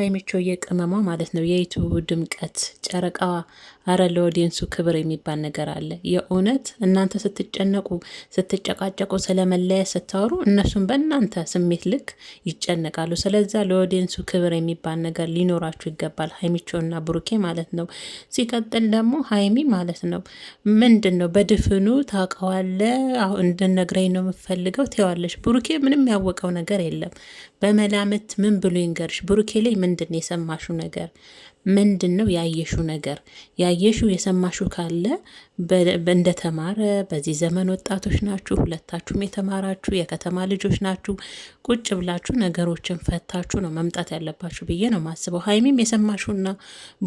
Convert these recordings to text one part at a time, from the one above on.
ሀይሚቾ ቅመሟ ማለት ነው የዩቱብ ድምቀት ጨረቃዋ። አረ ለኦዲየንሱ ክብር የሚባል ነገር አለ። የእውነት እናንተ ስትጨነቁ ስትጨቃጨቁ ስለመለያ ስታወሩ እነሱም በእናንተ ስሜት ልክ ይጨነቃሉ። ስለዛ ለኦዲየንሱ ክብር የሚባል ነገር ሊኖራችሁ ይገባል። እና ብሩኬ ማለት ነው። ሲቀጥል ደግሞ ሀይሚ ማለት ነው ምንድን ነው በድፍኑ ታውቀዋለ። እንድነግረኝ ነው የምፈልገው ትዋለች። ብሩኬ ምንም ያወቀው ነገር የለም። በመላምት ምን ብሎ ይንገርሽ ብሩኬ ላይ ምንድን የሰማሹ ነገር ምንድን ነው ያየሹ ነገር? ያየሹ የሰማሹ ካለ እንደተማረ በዚህ ዘመን ወጣቶች ናችሁ፣ ሁለታችሁም የተማራችሁ የከተማ ልጆች ናችሁ። ቁጭ ብላችሁ ነገሮችን ፈታችሁ ነው መምጣት ያለባችሁ ብዬ ነው ማስበው። ሀይሚም የሰማሹና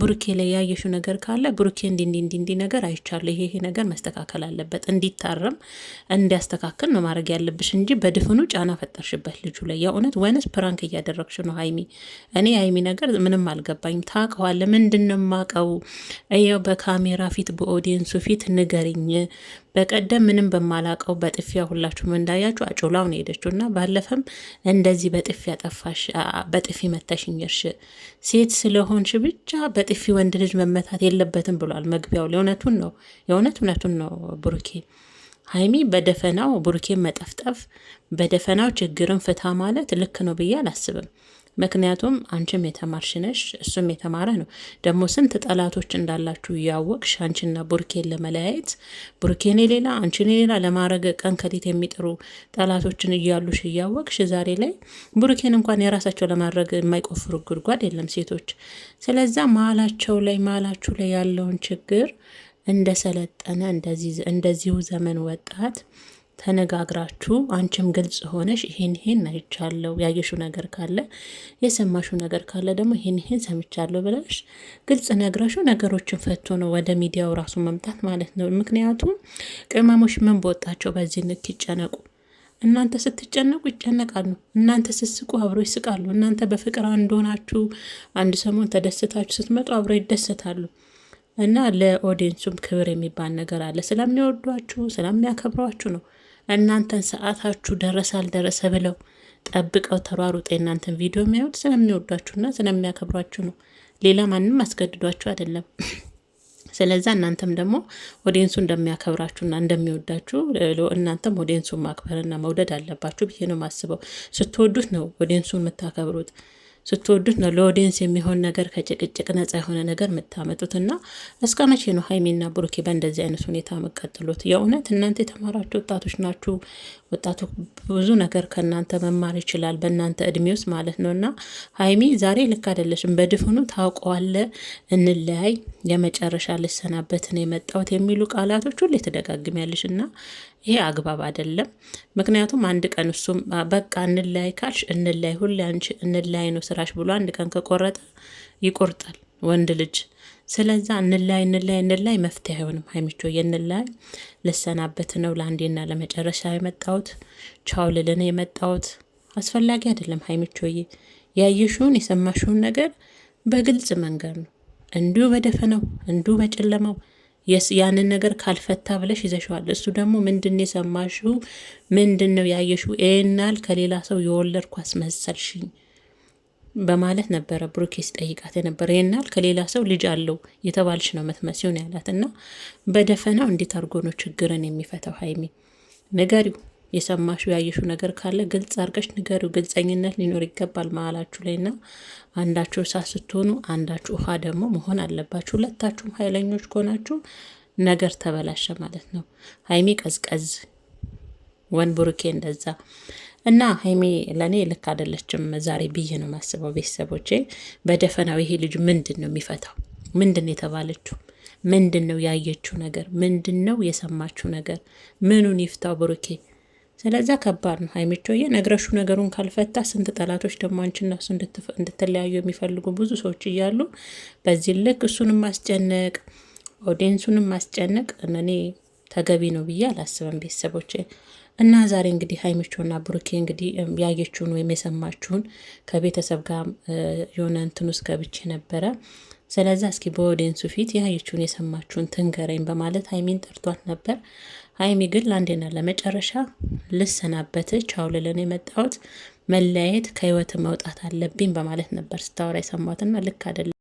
ብሩኬ ላይ ያየሹ ነገር ካለ ብሩኬ እንዲ እንዲ እንዲ ነገር አይቻለሁ፣ ይሄ ይሄ ነገር መስተካከል አለበት፣ እንዲታረም እንዲያስተካክል ነው ማድረግ ያለብሽ እንጂ በድፍኑ ጫና ፈጠርሽበት ልጁ ላይ። የእውነት ወይንስ ፕራንክ እያደረግሽ ነው ሀይሚ? እኔ ሀይሚ ነገር ምንም አልገባኝም ታቀ ታውቀዋለ። ምንድን ነው የማውቀው? እየው በካሜራ ፊት በኦዲየንሱ ፊት ንገርኝ። በቀደም ምንም በማላቀው በጥፊያ ሁላችሁም እንዳያችሁ አጮላው ነው ሄደችው እና ባለፈም እንደዚህ በጥፊ ያጠፋሽ በጥፊ መታሽኝርሽ ሴት ስለሆንሽ ብቻ በጥፊ ወንድ ልጅ መመታት የለበትም ብሏል መግቢያው ላይ። እውነቱን ነው የእውነት እውነቱን ነው ብሩኬ ሀይሚ በደፈናው ቡርኬን መጠፍጠፍ በደፈናው ችግርን ፍታ ማለት ልክ ነው ብዬ አላስብም። ምክንያቱም አንቺም የተማርሽ ነሽ፣ እሱም የተማረ ነው። ደግሞ ስንት ጠላቶች እንዳላችሁ እያወቅሽ አንቺና ቡርኬን ለመለያየት ቡርኬን የሌላ አንቺን የሌላ ለማድረግ ቀን ከሌት የሚጥሩ ጠላቶችን እያሉሽ እያወቅሽ ዛሬ ላይ ቡርኬን እንኳን የራሳቸው ለማድረግ የማይቆፍሩ ጉድጓድ የለም ሴቶች። ስለዛ መሀላቸው ላይ መሀላችሁ ላይ ያለውን ችግር እንደሰለጠነ እንደዚሁ ዘመን ወጣት ተነጋግራችሁ አንቺም ግልጽ ሆነሽ ይሄን ይሄን አይቻለሁ፣ ያየሽው ነገር ካለ የሰማሽው ነገር ካለ ደግሞ ይሄን ይሄን ሰምቻለሁ ብለሽ ግልጽ ነግረሽው ነገሮችን ፈቶ ነው ወደ ሚዲያው ራሱ መምጣት ማለት ነው። ምክንያቱም ቅመሞች ምን በወጣቸው በዚህ ንክ ይጨነቁ። እናንተ ስትጨነቁ ይጨነቃሉ። እናንተ ስትስቁ አብሮ ይስቃሉ። እናንተ በፍቅር አንድ ሆናችሁ አንድ ሰሞን ተደስታችሁ ስትመጡ አብሮ ይደሰታሉ። እና ለኦዲየንሱም ክብር የሚባል ነገር አለ። ስለሚወዷችሁ ስለሚያከብሯችሁ ነው። እናንተን ሰዓታችሁ ደረሰ አልደረሰ ብለው ጠብቀው ተሯሩጥ የእናንተን ቪዲዮ የሚያዩት ስለሚወዷችሁና ስለሚያከብሯችሁ ነው። ሌላ ማንም አስገድዷችሁ አይደለም። ስለዛ እናንተም ደግሞ ኦዲየንሱ እንደሚያከብራችሁና እንደሚወዳችሁ እናንተም ኦዲየንሱን ማክበርና መውደድ አለባችሁ ብዬ ነው የማስበው። ስትወዱት ነው ኦዲየንሱን የምታከብሩት። ስትወዱት ነው ለኦዲየንስ የሚሆን ነገር ከጭቅጭቅ ነጻ የሆነ ነገር የምታመጡት። እና እስከ መቼ ነው ሀይሚና ብሩኬ በእንደዚህ አይነት ሁኔታ መቀጥሉት? የእውነት እናንተ የተማራችሁ ወጣቶች ናችሁ። ወጣቱ ብዙ ነገር ከእናንተ መማር ይችላል፣ በእናንተ እድሜ ውስጥ ማለት ነው። እና ሀይሚ ዛሬ ልክ አይደለሽም፣ በድፍኑ ታውቀዋለ፣ እንለያይ፣ የመጨረሻ ልሰናበት ነው የመጣሁት የሚሉ ቃላቶች ሁሌ ትደጋግሚያለሽ እና ይሄ አግባብ አይደለም። ምክንያቱም አንድ ቀን እሱም በቃ እንለያይ ካልሽ እንላይ፣ ሁሌ አንቺ ነው ስራሽ ብሎ አንድ ቀን ከቆረጠ ይቆርጣል። ወንድ ልጅ ስለዛ እንላይ እንላይ እንላይ መፍትሄ አይሆንም። ሀይሚቾ የንላይ ልሰናበት ነው ለአንዴና ለመጨረሻ የመጣሁት ቻው ልልን የመጣሁት አስፈላጊ አይደለም። ሀይሚቾዬ ያየሽውን የሰማሽውን ነገር በግልጽ መንገድ ነው እንዲሁ በደፈነው እንዲሁ በጨለመው ያንን ነገር ካልፈታ ብለሽ ይዘሸዋል። እሱ ደግሞ ምንድን የሰማሽው ምንድን ነው ያየሽው? ይህናል ከሌላ ሰው የወለድኩ አስመሰልሽኝ በማለት ነበረ ብሩኬ ሲጠይቃት የነበረ ይናል ከሌላ ሰው ልጅ አለው የተባልሽ ነው መትመሲሆን ያላት። እና በደፈናው እንዴት አድርጎ ነው ችግርን የሚፈታው? ሀይሚ ንገሪው፣ የሰማሽው ያየሹ ነገር ካለ ግልጽ አርገሽ ንገሪው። ግልጸኝነት ሊኖር ይገባል መሀላችሁ ላይ እና አንዳችሁ እሳት ስትሆኑ፣ አንዳችሁ ውሃ ደግሞ መሆን አለባችሁ። ሁለታችሁም ኃይለኞች ከሆናችሁ ነገር ተበላሸ ማለት ነው። ሀይሚ ቀዝቀዝ ወን ብሩኬ እንደዛ እና ሀይሜ ለእኔ ልክ አይደለችም ዛሬ ብዬ ነው የማስበው። ቤተሰቦቼ በደፈናው ይሄ ልጅ ምንድን ነው የሚፈታው? ምንድን ነው የተባለችው? ምንድን ነው ያየችው ነገር? ምንድን ነው የሰማችው ነገር? ምኑን ይፍታው ብሩኬ? ስለዛ ከባድ ነው ሀይሚቾዬ፣ ነግረሹ ነገሩን ካልፈታ ስንት ጠላቶች ደግሞ አንቺና እሱ እንድትለያዩ የሚፈልጉ ብዙ ሰዎች እያሉ በዚህ ልክ እሱንም ማስጨነቅ ኦዲየንሱንም ማስጨነቅ እኔ ተገቢ ነው ብዬ አላስበም ቤተሰቦቼ። እና ዛሬ እንግዲህ ሀይምቾና ብሩኬ እንግዲህ ያየችውን ወይም የሰማችውን ከቤተሰብ ጋር የሆነ እንትን ውስጥ ገብቼ ነበረ። ስለዚ እስኪ በወደንሱ ፊት ያየችውን የሰማችሁን ትንገረኝ በማለት ሀይሚን ጠርቷት ነበር። ሀይሚ ግን ለአንዴና ለመጨረሻ ልሰናበትች አውልለን ልለን የመጣሁት መለያየት ከህይወት መውጣት አለብኝ በማለት ነበር ስታወራ የሰማትና ልክ አደለ